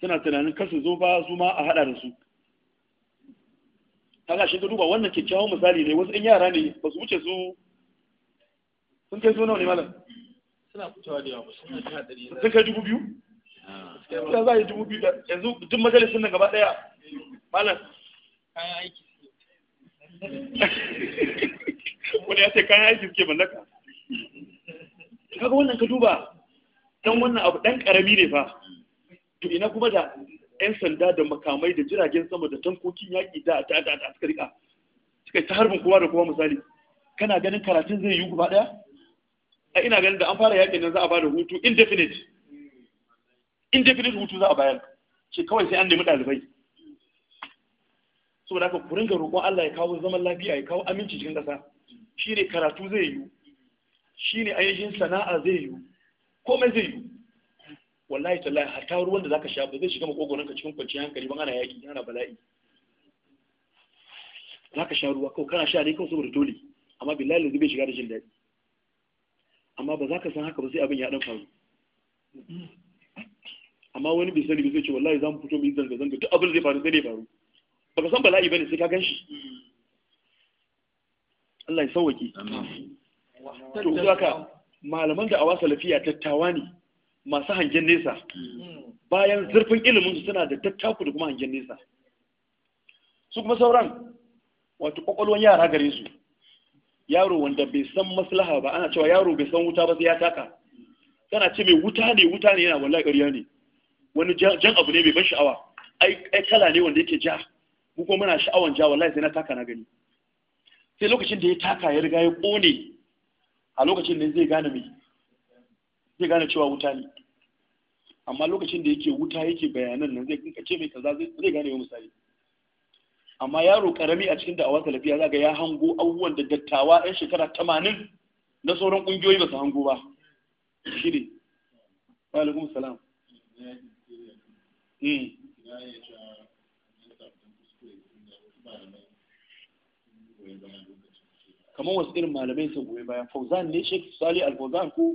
suna tunanin kasu su zo ba su ma a hada da su kaga shi duba wannan kyakkyawan misali ne wasu in yara ne ba su wuce su sun kai nawa ne malam suna kucewa da yawa ba sun kai dubu biyu ta za a yi dubu biyu da yanzu duk majalisun nan gaba daya malam kayan aiki wani ya ce kayan aiki suke mallaka kaga wannan ka duba dan wannan abu dan karami ne fa to ina kuma da 'yan sanda da makamai da jiragen sama da tankokin yaƙi da da da suka rika suka ta harbin kowa da kowa misali kana ganin karatun zai yi gaba daya a ina ganin da an fara yaƙin nan za a ba da hutu indefinite indefinite hutu za a bayar ce kawai sai an nemi ɗalibai saboda haka ku ringa roƙon Allah ya kawo zaman lafiya ya kawo aminci cikin ƙasa shine karatu zai yi shine ainihin sana'a zai yi komai zai yi wallahi tallahi hatta ruwan da zaka sha ba zai shiga makogoron ka cikin kwanciyar hankali ba ana yaki ana bala'i zaka sha ruwa kawai kana sha ne kawai saboda dole amma billahi lalle bai shiga da jin daɗi amma ba za ka san haka ba sai abin ya dan faru amma wani bai sani zai ce wallahi za mu fito mu yi zanga zanga duk abin zai faru sai ne faru baka san bala'i bane sai ka gan shi Allah ya sauwake to zaka malaman da wasa lafiya tattawa ne masu hangen nesa hmm. bayan zurfin ilimin su suna da tattaku da kuma hangen nesa su kuma sauran wato kwakwalwan yara gare su yaro wanda bai san maslaha ba ana cewa yaro bai san wuta ba sai ya taka tana ce mai wuta ne wuta ne yana wallahi ƙarya ne wani jan abu ne mai ban sha'awa ai kala ne wanda yake ja mu kuma muna sha'awan ja wallahi sai na taka na gani sai lokacin da ya taka ya riga ya kone a lokacin ne zai gane mai zai gane cewa wuta ne amma lokacin da yake wuta yake bayanan nan zai kinkace mai kaza zai gane yau misali amma yaro karami a cikin da'awar talafiya za ga ya hango abubuwan da dattawa yan shekara tamanin na sauran ƙungiyoyi ba su hango ba shi ne alaikum salam hmm. kamar wasu irin malamai sun goyi baya fauzan ne shek sali al-fauzan ko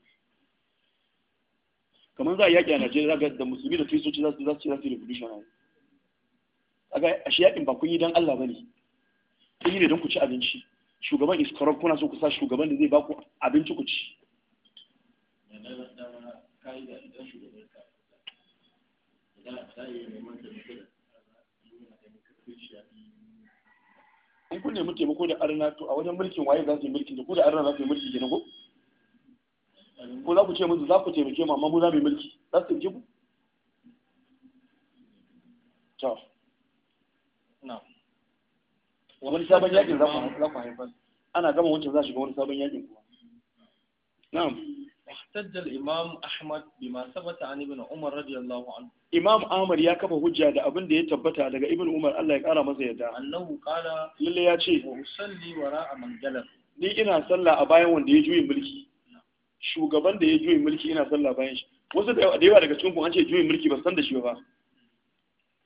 kamar za a yaƙi a Najeriya ga da musulmi da kristoci za su za su za su revolutionary kaga a shi yaƙin ba kun yi don Allah bane kun yi ne don ku ci abinci shugaban is corrupt kuna so ku sa shugaban da zai ba ku abinci ku ci in kun nemi taimako da arna to a wajen mulkin waye za su yi mulkin da ku da arna za su yi mulki gina ko ko za ku ce mutu za ku taimake mu amma mu za mu yi mulki za su taimake ku to na wani sabon yakin za ku haifar ana gama wancan za shiga wani sabon yakin kuma na'am احتج الامام احمد بما ثبت عن ابن عمر رضي الله عنه امام عامر ya kafa hujja da abin da ya tabbata daga ibn umar Allah ya kara masa yadda annahu qala lalle ya ce wa usalli wara'a man jalab ni ina sallah a bayan wanda ya juye mulki shugaban da ya juye mulki ina son labarin shi wasu da yawa daga cikin an ce juye mulki ba san da shi ba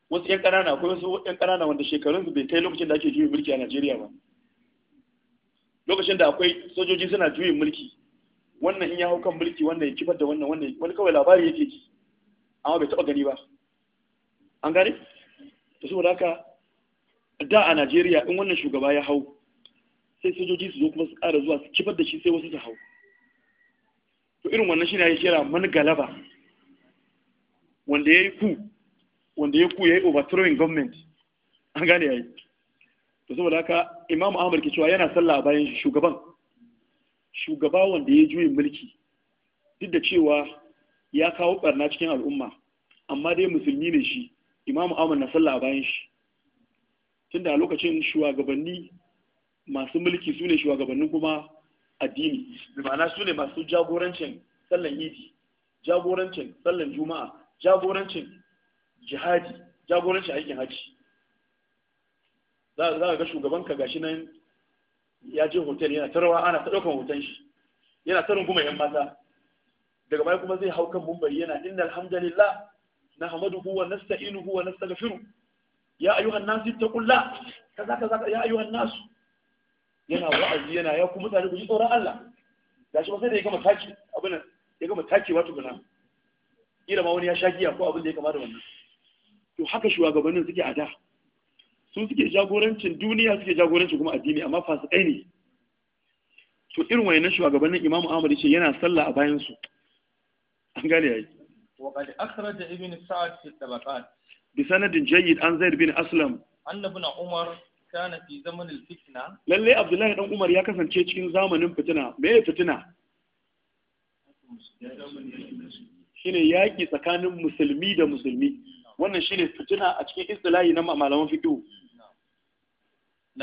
wasu yan ƙanana akwai wasu yan ƙanana wanda shekarun su bai kai lokacin da ake juye mulki a Najeriya ba lokacin da akwai sojoji suna juye mulki wannan in ya hau kan mulki wannan ya kifar da wannan wannan wani kawai labari yake ji amma bai taɓa gani ba an gane to saboda haka da a Najeriya in wannan shugaba ya hau sai sojoji su zo kuma su ƙara zuwa su kifar da shi sai wasu su hau to irin wannan shi ne ya kira man galaba wanda ya yi ku wanda ya ku ya yi overthrowing government an gane yi to saboda haka imamu ahmad ke cewa yana sallah bayan shugaban shugaba wanda ya juyin mulki duk da cewa ya kawo barna cikin al'umma amma dai musulmi ne shi imamu ahmad na sallah bayan shi tunda a lokacin shugabanni masu mulki su ne shugabannin kuma addini ma'ana su ne masu jagorancin sallan yidi jagorancin sallan juma'a jagorancin jihadi jagorancin aikin hajji za ka ga ka gashi nan ya je hotel yana ta rawa ana ta ɗaukan hoton shi yana ta runguma yan mata daga baya kuma zai hau kan mumbai yana inna alhamdulillah na hamadu huwa nasta'inu huwa nastaghfiru ya ayyuhan nasu taqullah kaza kaza ya ayyuhan nasu yana wa'azi yana ya kuma mutane ku ji tsoron Allah gashi ba sai da ya gama taki abin nan ya gama wato guna kila ma wani ya sha giya ko abin da ya kamata wannan to haka shugabannin suke a da su suke jagorancin duniya suke jagorancin kuma addini amma fasikai ne to irin wayannan shugabannin Imam Ahmad yace yana sallah a bayan su an gane yayi wa qad akhraja ibn Sa'd fi tabaqat bi sanadin jayyid an Zaid bin Aslam anna ibn Umar kana fi zamanin fitina? lalle abdullahi dan umar ya kasance cikin zamanin fitina me fitina shine yaki tsakanin musulmi da musulmi wannan shine fitina a cikin istilahi na malaman fiqh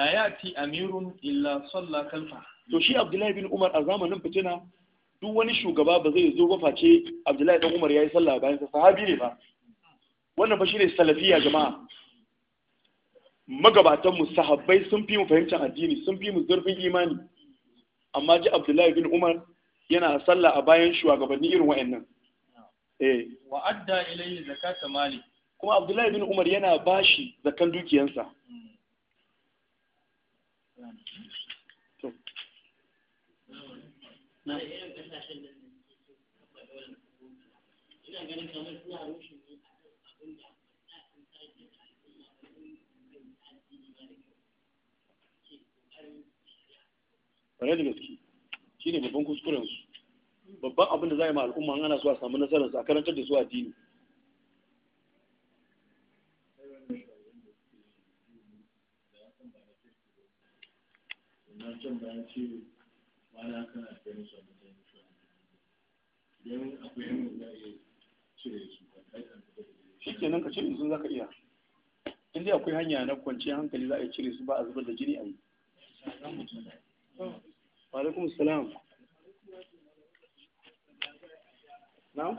la yati amirun illa salla kalfa to shi abdullahi bin umar a zamanin fitina duk wani shugaba ba zai zo ba face abdullahi dan umar yayi sallah bayan sa sahabi ne ba wannan ba shine salafiya jama'a magabatan mu sahabbai sun fi mu fahimtar addini sun fi mu zurfin imani amma ji Abdullahi bin Umar yana sallah a bayan shugabanni irin wa'annan eh wa adda ilayhi zakata mali kuma Abdullahi bin Umar yana bashi zakan dukiyansa ganin kamar suna rushe kwarai da gaske shine babban kuskuren su babban abin da za yi ma al'umma ana so a samu nasarar su a karantar da su addini shi kenan ka cire su za ka iya in dai akwai hanya na kwanciyar hankali za a cire su ba a zubar da jini a yi wa alaikum salam na'am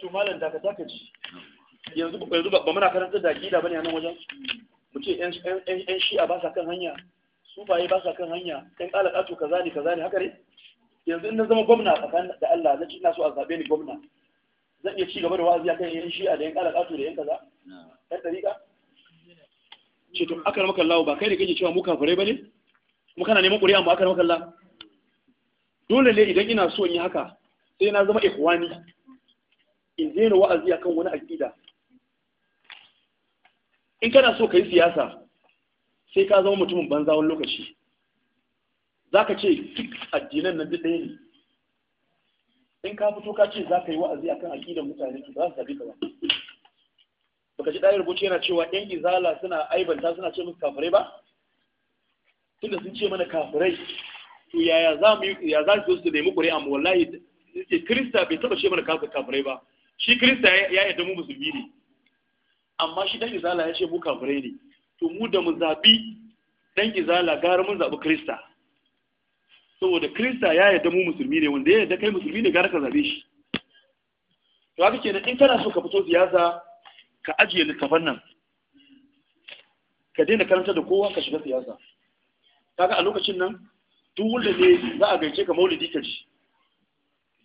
to malam daga take ji yanzu ba yanzu ba muna karantar da gida bane a nan wajen mu ce ƴan shi shi'a ba sa kan hanya sufaye ba sa kan hanya yan kalakato kaza ne kaza ne haka ne yanzu in na zama gwamna tsakanin da Allah na ci ina so a zabe ni gwamna zan iya ci gaba da wa'azi akan shi shi'a da yan kalakato da yan kaza yan tariqa ce to aka maka lawo ba kai ne kake cewa mu kafirai bane Muka na neman ƙuri'a mu aka maka Allah dole ne idan ina so in yi haka sai na zama ikhwani in daina wa'azi akan wani aqida in kana so ka yi siyasa sai ka zama mutumin banza wani lokaci za ka ce duk addinan nan duk ɗaya ne in ka fito ka ce za ka yi wa'azi akan aqidar mutane ba za su tafi ka ba baka ji ɗaya rubuce yana cewa ƴan izala suna aibanta suna ce musu kafirai ba inda sun ce mana kafirai to yaya za mu ya za su su nemi ƙuri'a mu wallahi ce eh, krista bai taba ce mana kafir kafirai ba shi Krista ya yadda mu musulmi ne amma shi dan izala ya ce mu kafirai ne to mu da mu zabi dan izala gara mun zabi Krista, saboda Krista ya yadda mu musulmi ne wanda ya yadda kai musulmi ne gara ka zabe shi to haka kenan in kana so ka fito siyasa ka ajiye littafan nan ka daina karanta da kowa ka shiga siyasa kaga a lokacin nan duk wanda ne za a gaice ka maulidi ka ji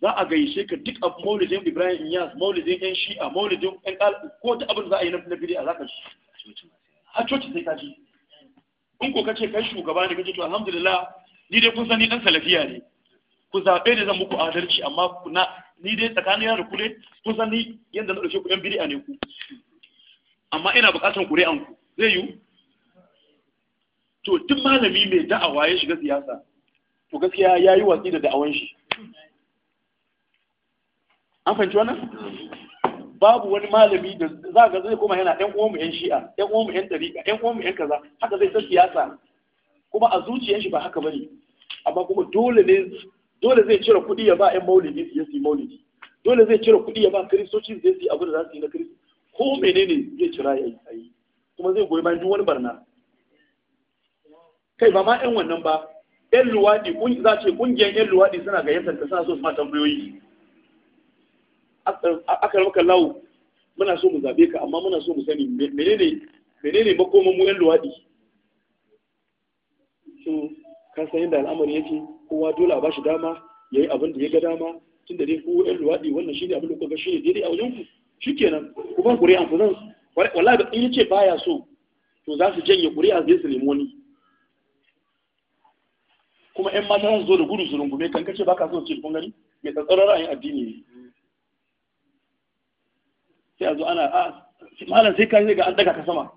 za a gaishe ka duk abu maulidin ibrahim iyas maulidin yan shi'a maulidin yan kal ko ta abin za a yi na bidi a zaka ji a coci sai ka ji in ko kace kai shugaba ne kace to alhamdulillah ni dai kun sani dan salafiya ne ku zabe ne zan muku adalci amma na ni dai tsakanin da kule kun sani yanda na dauke ku yan bid'a ne ku amma ina bukatar ku an ku zai yiwu to duk malami mai da'awa ya shiga siyasa to gaskiya ya yi watsi da da'awan shi an fahimci wannan babu wani malami da za ga zai koma yana ɗan uwanmu yan shi'a ɗan uwanmu yan ɗariƙa ɗan uwanmu yan kaza haka zai ta siyasa kuma a zuciyar shi ba haka bane amma kuma dole ne dole zai cire kuɗi ya ba yan maulidi su yi maulidi dole zai cire kuɗi ya ba kiristoci su yi abu da za su yi na kiristoci ko menene zai cira ya yi kuma zai goyi bayan duk wani barna kai ba ma yan wannan ba yan luwaɗi za ce ƙungiyar yan luwaɗi suna gayyatar ka suna so su ma tambayoyi aka maka lawo muna so mu zabe ka amma muna so mu sani menene menene makoman mu yan luwaɗi shin ka san yadda al'amari yake kowa dole a ba shi dama ya yi abin da ya ga dama tun da dai ku yan luwaɗi wannan shi ne abin da kuka shi ne daidai a wajen ku kenan, ku ban ƙuri'an ku zan wallahi in yace baya so to za su janye ƙuri'a zai su nemi wani kuma ƴan mata za su zo da gudu su rungume kan kace baka so ce kun gani mai tsatsarar ra'ayin addini ne sai a zo ana a ah, malam sai ka ga an daga ka sama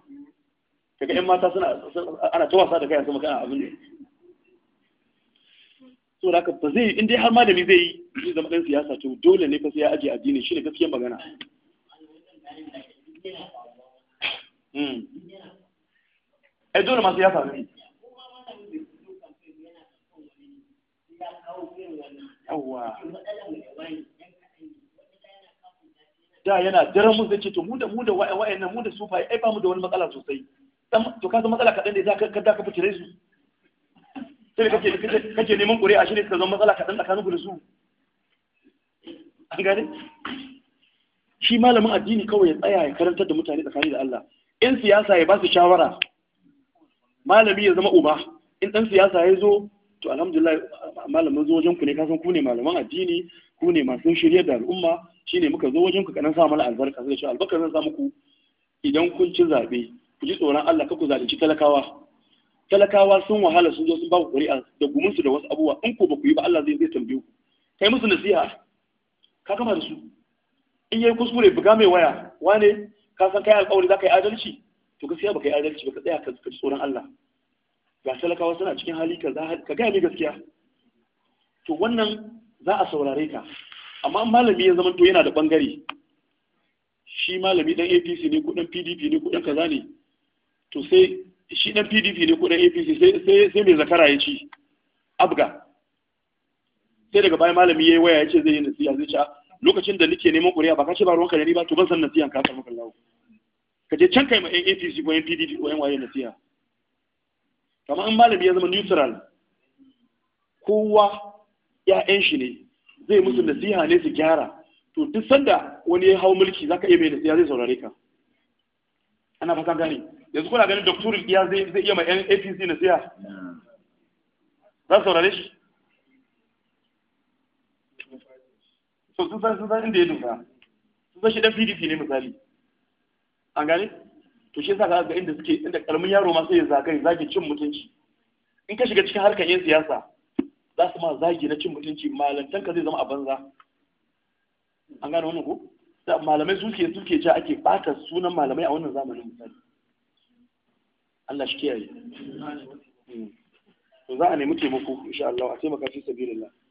kaga ƴan mata suna ana ta wasa da kai sama kana abin ne so da ba zai in dai har malami zai yi zai zama dan siyasa to dole ne fa sai ya aje addini shi ne gaskiyar magana hmm. eh dole ma siyasa ne yawa da yana daren mun zai ce to mu da mu da nan mu da sufa ai ba mu da wani matsala sosai to ka zo matsala kaɗan ne za ka ka fitire su sai kake kake neman ƙuri'a shi ne suka zama matsala kaɗan tsakanin ku da su an gane shi malamin addini kawai ya tsaya ya karantar da mutane tsakani da Allah in siyasa ya ba su shawara malami ya zama uba in dan siyasa ya zo to alhamdulillah malamin zo wajen ku ne kasan ku ne malaman addini ku ne masu shirya da al'umma shine muka zo wajen ku kanan sa mana albarka sai shi albarka zan sa muku idan kun ci zabe ku ji tsoron Allah ka ku zalunci talakawa talakawa sun wahala sun zo sun ba ku ƙuri'a da gumin su da wasu abubuwa in ko ba ku yi ba Allah zai zai tambaye ku kai musu nasiha ka gama da su in yayi kuskure buga mai waya wane ka san kai alƙawari za ka yi adalci to gaskiya ba ka yi adalci ba ka tsaya ka ji tsoron Allah ga talakawa suna cikin hali ka gaya ni gaskiya to wannan za a saurare ka amma malami ya zama to yana da bangare shi malami dan APC ne ko dan PDP ne ko dan kaza ne to sai shi dan PDP ne ko dan APC sai sai mai zakara ya ci abga sai daga bayan malami ya yi waya ya ce zai yi nasiya zai ci lokacin da nake neman ƙuri'a ba ka ce ba ruwan da ni ba to ban san nasiya ka maka lawo ka je can kai ma APC ko 'yan PDP ko yan waye nasiya. kama an malami ya zama neutral kowa ‘ya'yan shi ne zai musu nasiha ne su gyara to duk sanda wani ya hau mulki za ka iya mai nasiha zai saurare ka ana fata gani yanzu kuna ganin doktorin iya zai iya mai apc nasiha za su saurare shi so sun san sun san inda ya dosa sun san shi dan pdp ne misali an gane to shi yasa ga inda suke inda karamin yaro ma sai ya zagaye zagi cin mutunci in ka shiga cikin harkar yin siyasa za su ma zagi na cin mutunci malantan ka zai zama a banza an gane wannan ko da malamai suke suke ja ake bata sunan malamai a wannan zamanin misali Allah shi kiyaye hmm. to za a nemi taimako insha Allah a taimaka fi sabilillah